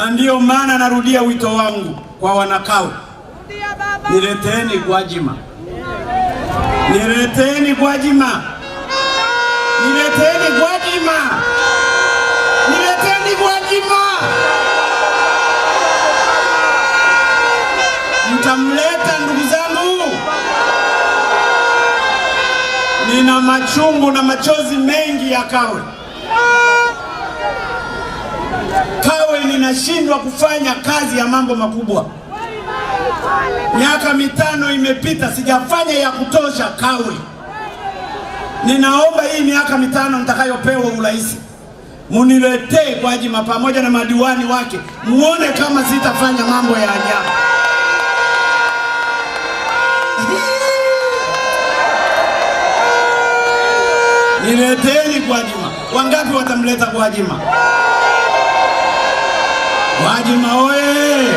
Na ndiyo maana narudia wito wangu kwa wanakawe, nileteni Gwajima, nileteni Gwajima, nileteni Gwajima, nileteni Gwajima. Mtamleta ndugu zangu, nina machungu na machozi mengi ya Kawe anashindwa kufanya kazi ya mambo makubwa. Miaka mitano imepita, sijafanya ya kutosha kauli. Ninaomba hii miaka mitano nitakayopewa urais muniletee Gwajima pamoja na madiwani wake, muone kama sitafanya mambo ya ajabu. Nileteni Gwajima. Wangapi watamleta Gwajima? de Mauê!